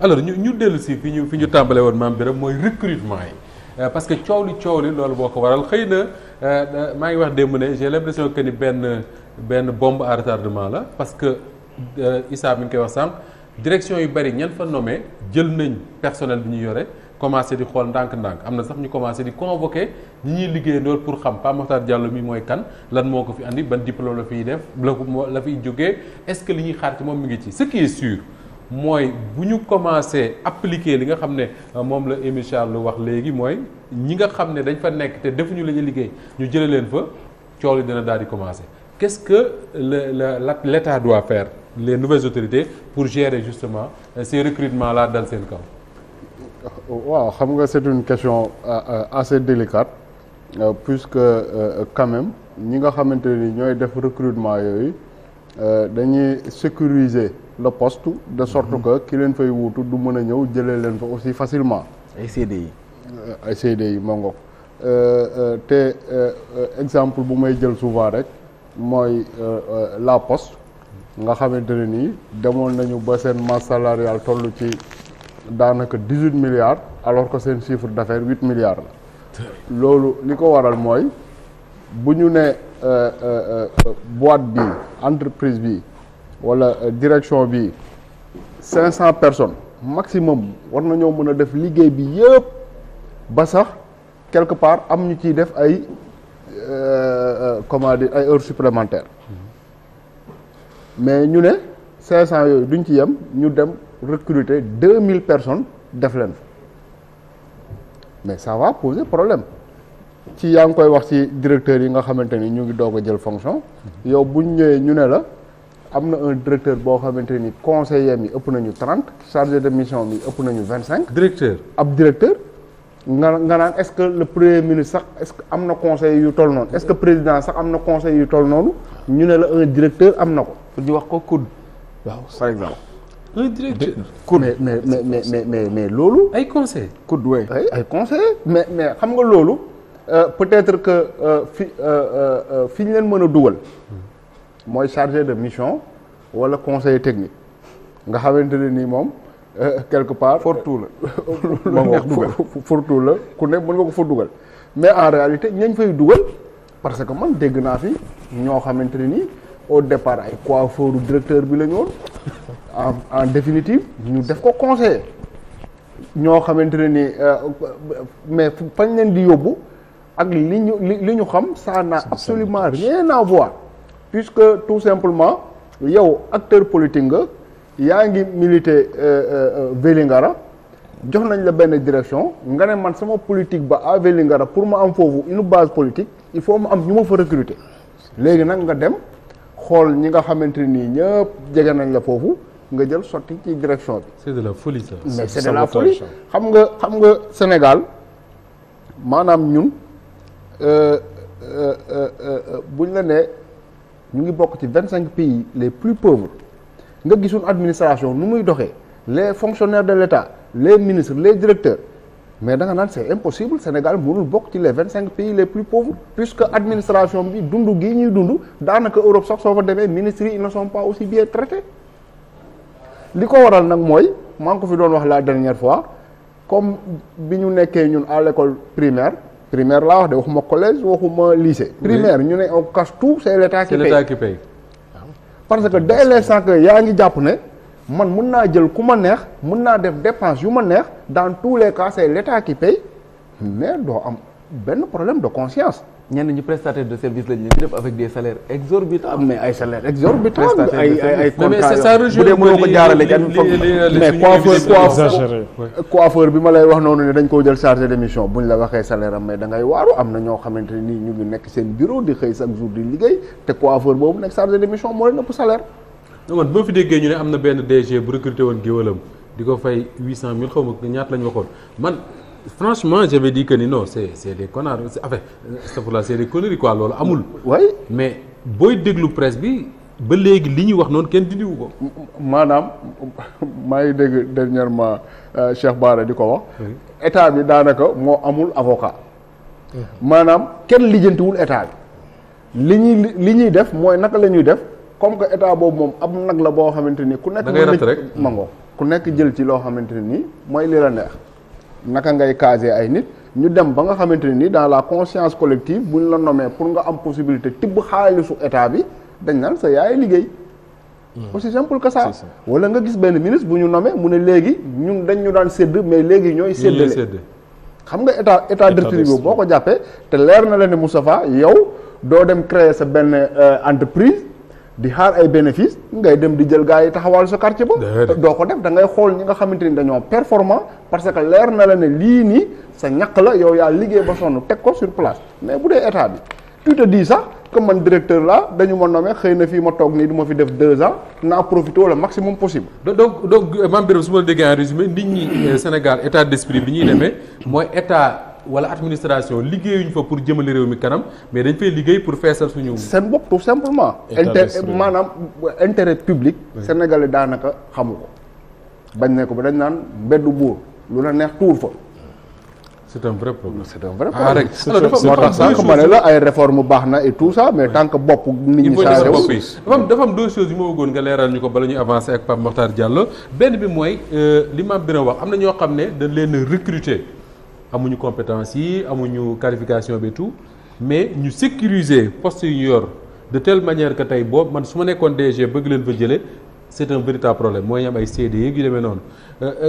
alors ñu ñu dellu si fi ñu fi ñu tàmbale woon maam Birame mooy recrutement yi euh, parce que coow li coow li loolu boo ko waral xëy na euh, maa ngi wax démb ne j'ai l'impression que ni benn benn bombe à retardement la parce que euh, Issa mi ngi koy wax sànq direction yu bari ñan fa nome jël nañ personnel bi ñu yore commencé di xool ndànk-ndànk am na sax ñu commencé di convoqué ñi ñuy liggéeyandool pour xam Pape Makhtar Diallo mi mooy kan lan moo ko fi andi ba diplôme la fiy def la la fiy jógee est-ce que li ñuy xaar moom mi ngi ci ce qui mooy bu ñu commencé appliquer li nga xam ne euh, moom la Émile Charles lu wax léegi mooy ñi nga xam ne dañ fa nekk te defuñu la ñu liggéey ñu jëlee leen fa coow li dina daal di commencé qu'est-ce que le la l'État doit faire les nouvelles autorités pour gérer justement euh, ces recrutements là dal seen kaw. waaw xam nga c'est une question euh, assez délicate puisque quand même ñi nga xamante ni ñooy def recrutement yooyu dañuy sécuriser. le poste de sort mhm. que ki leen fay wuutu du mën a ñëw jëlee leen fa aussi facilement. ay CDI. ay CDI moo ngoog euh, euh, te euh, exemple bu may jël souvent rek mooy la poste nga xamante ne nii demoon nañu ba seen masse salariale toll ci daanaka dix huit milliards alors que seen chiffre d'affaires huit milliards la. loolu li ko waral mooy bu ñu ne boîte bi entreprise bi. wala euh, direction bi cinq cent personnes maximum war nañoo mën a def liggéey bi yëpp ba sax quelque part am ñu ciy def ay euh, euh, comment dire ay heures supplémentaires mais ñu ne cinq cent yooyu duñ ci yem ñu dem recruter deux mille personnes def leen fa mais ça va poser problème ci yaa ngi koy wax ci directeurs yi nga xamante ni ñu ngi doog a jël fonction yow buñ ñëwee ñu ne la am na un directeur boo xamante ni conseiller yi ëpp nañu trente chargé de mission mi ëpp nañu vingt cinq. directeur ab directeur. nga nga naan est-ce que le premier ministre est-ce que am na conseil yu toll noonu est-ce que président sax am na conseil yu toll noonu ñu ne la un directeur am na ko. pour ñu wax ko COUD. waaw par exemple. un mais mais mais mais mais loolu. ay conseil COUD waay. ay conseil mais mais xam nga loolu euh, peut-être que euh, fi euh, fi ñu leen mën a dugal. mooy chargé de mission wala conseiller technique nga xamante ne ni moom euh, quelque part. fortu la moom wax dugal fortu la ku ne mën nga ko fa dugal mais en réalité ñañ fay dugal parce que man dégg naa fi ñoo xamante ne nii au départ ay coiffeur directeur bi la ñu woon en en ñu def ko conseil ñoo xamante ne nii euh, mais fañ leen di yóbbu ak li ñu li ñu xam ça n'a absolument rien à puisque tout simplement yow acteur politique nga yaa ngi militer euh, euh, euh, Vélingara jox nañ la benn direction nga ne man sama politique ba à Vélingara pour ma am foofu une base politique il faut ma am ñu ma fa recruter léegi nag nga dem xool ñi nga xamante nii ñëpp jege nañ la foofu nga jël sotti ci direction bi. c'est de la folie ça. mais c'est de la folie xam nga xam nga Sénégal maanaam ñun buñ la nee. ñu ngi bokk ci vingt cinq pays les plus pauvres nga gisul administration nu muy doxee les fonctionnaires de l'État les ministres les directeurs mais danga nga naan c'est impossible Sénégal mënul bokk ci les vingt cinq pays les plus pauvres puisque administration bi dundu gii ñuy dund daanaka Europe sax soo fa demee ministres yi ils ne sont pas aussi bien li ko waral nag mooy maa ngi ko fi doon wax la dernière fois comme bi ñu nekkee ñun à l'école primaire primaire laa wax de waxuma collège waxuma lycée. primaire ñu ne on cache tout c'est l'état qui paye. c'est l'état qui parce que dès l'instant que yaa ngi jàpp ne man mun naa jël ku ma neex mun naa def dépense yu ma neex dans tous les cas c'est l'état qui mais doo am benn problème de conscience. ñenn ñi prestataire de service lañu def avec des salaires exorbitants. mais ay salaires exorbitants. ay ay ay bu dee mënoo ko jaarale kenn mais coiffeur coiffeur bi ma lay wax noonu ne dañ koo jël chargé de mission buñ la waxee salaire am mais da ngay waaru am na ñoo xamante ni ñu ngi nekk seen bureau di xëy chaque jour di liggéey te coiffeur boobu nekk chargé de mission moo leen ëpp salaire. non man boo fi déggee ñu ne am na benn DG bu recruté woon géwalam di ko fay huit cent mille xaw ma ñaata lañ franchement j'avais dit que ni no c'est c'est des connards enfin la c'est des conneries loolu amul. waaye mais booy déglu presse bi ba léegi li ñuy wax noonu kenn dindiwu ko. maanaam maa ngi dégg dernièrement euh, Cheikh Bara di ko wax. état bi daanaka moo amul avocat. Mm. maanaam kenn lijjantiwul état bi. li ñuy li ñuy def mooy naka la ñuy def comme que état boobu moom am nag la boo xamante ni ku nekk. da rek mango ku nekk jël ci loo xamante ni mooy li la neex. naka ngay caser ay nit ñu dem ba nga xamante ne ni dans la conscience collective bu ñu la nomee pour nga am possibilité tibb xaalisu état bi dañ naan sa yaay liggéey. Hmm. aussi simple que ça. wala nga gis benn ministre bu ñu nomee mu ne léegi ñun dañ ñu daan sédd mais léegi ñooy. séddale xam nga état état d'esprit boobu boo ko jàppee te leer na la ne Moustapha yow doo dem créer sa benn euh, entreprise. di xaar ay bénéfice ngay dem di jël gars yi taxawal sa quartier ba doo ko def da ngay xool ñi nga xamante ni dañoo performant parce que leer na la ne lii nii sa ñaq la yow yaa liggéey ba sonn teg ko sur place mais bu dee état bi tu dis sax comme man directeur la dañu ma nommé xëy na fii ma toog nii du ma fi def deux ans naa profité le maximum possible donc donc Mame Birame su ma déggee en résumé nit ñi euh, Sénégal état d'esprit bi ñuy demee mooy état wala administration liggéeyuñ fa pour jëmale réew mi kanam mais dañ fay liggéey pour feesal suñu. seen bopp tout simplement. intérêt maanaam euh, intérêt public. sénégalais daanaka xamu ko. bañ ne ko ba dañ naan mbeddu buur lu la neex tuur fa. c'est un vrai problème c'est un ah, moo tax sànq ma ne la ay réforme baax na et tout ça mais tant que bopp nit ñi changé wu dafa am dafa am deux choses yu ma bëggoon nga leeral ñu ko bala ñu avancé ak Pape Makhtar Diallo benn bi mooy euh, li Mame Birame wax am na ñoo xam ne dañ leen recruter amuñu compétence yi amuñu qualification bi tout mais ñu sécuriser poste yor de telle manière que tey boobu man su ma nekkoon DG bëgg leen fa jëlee c'est un véritable problème mooy am ay CD e yu demee noonu. Euh, euh,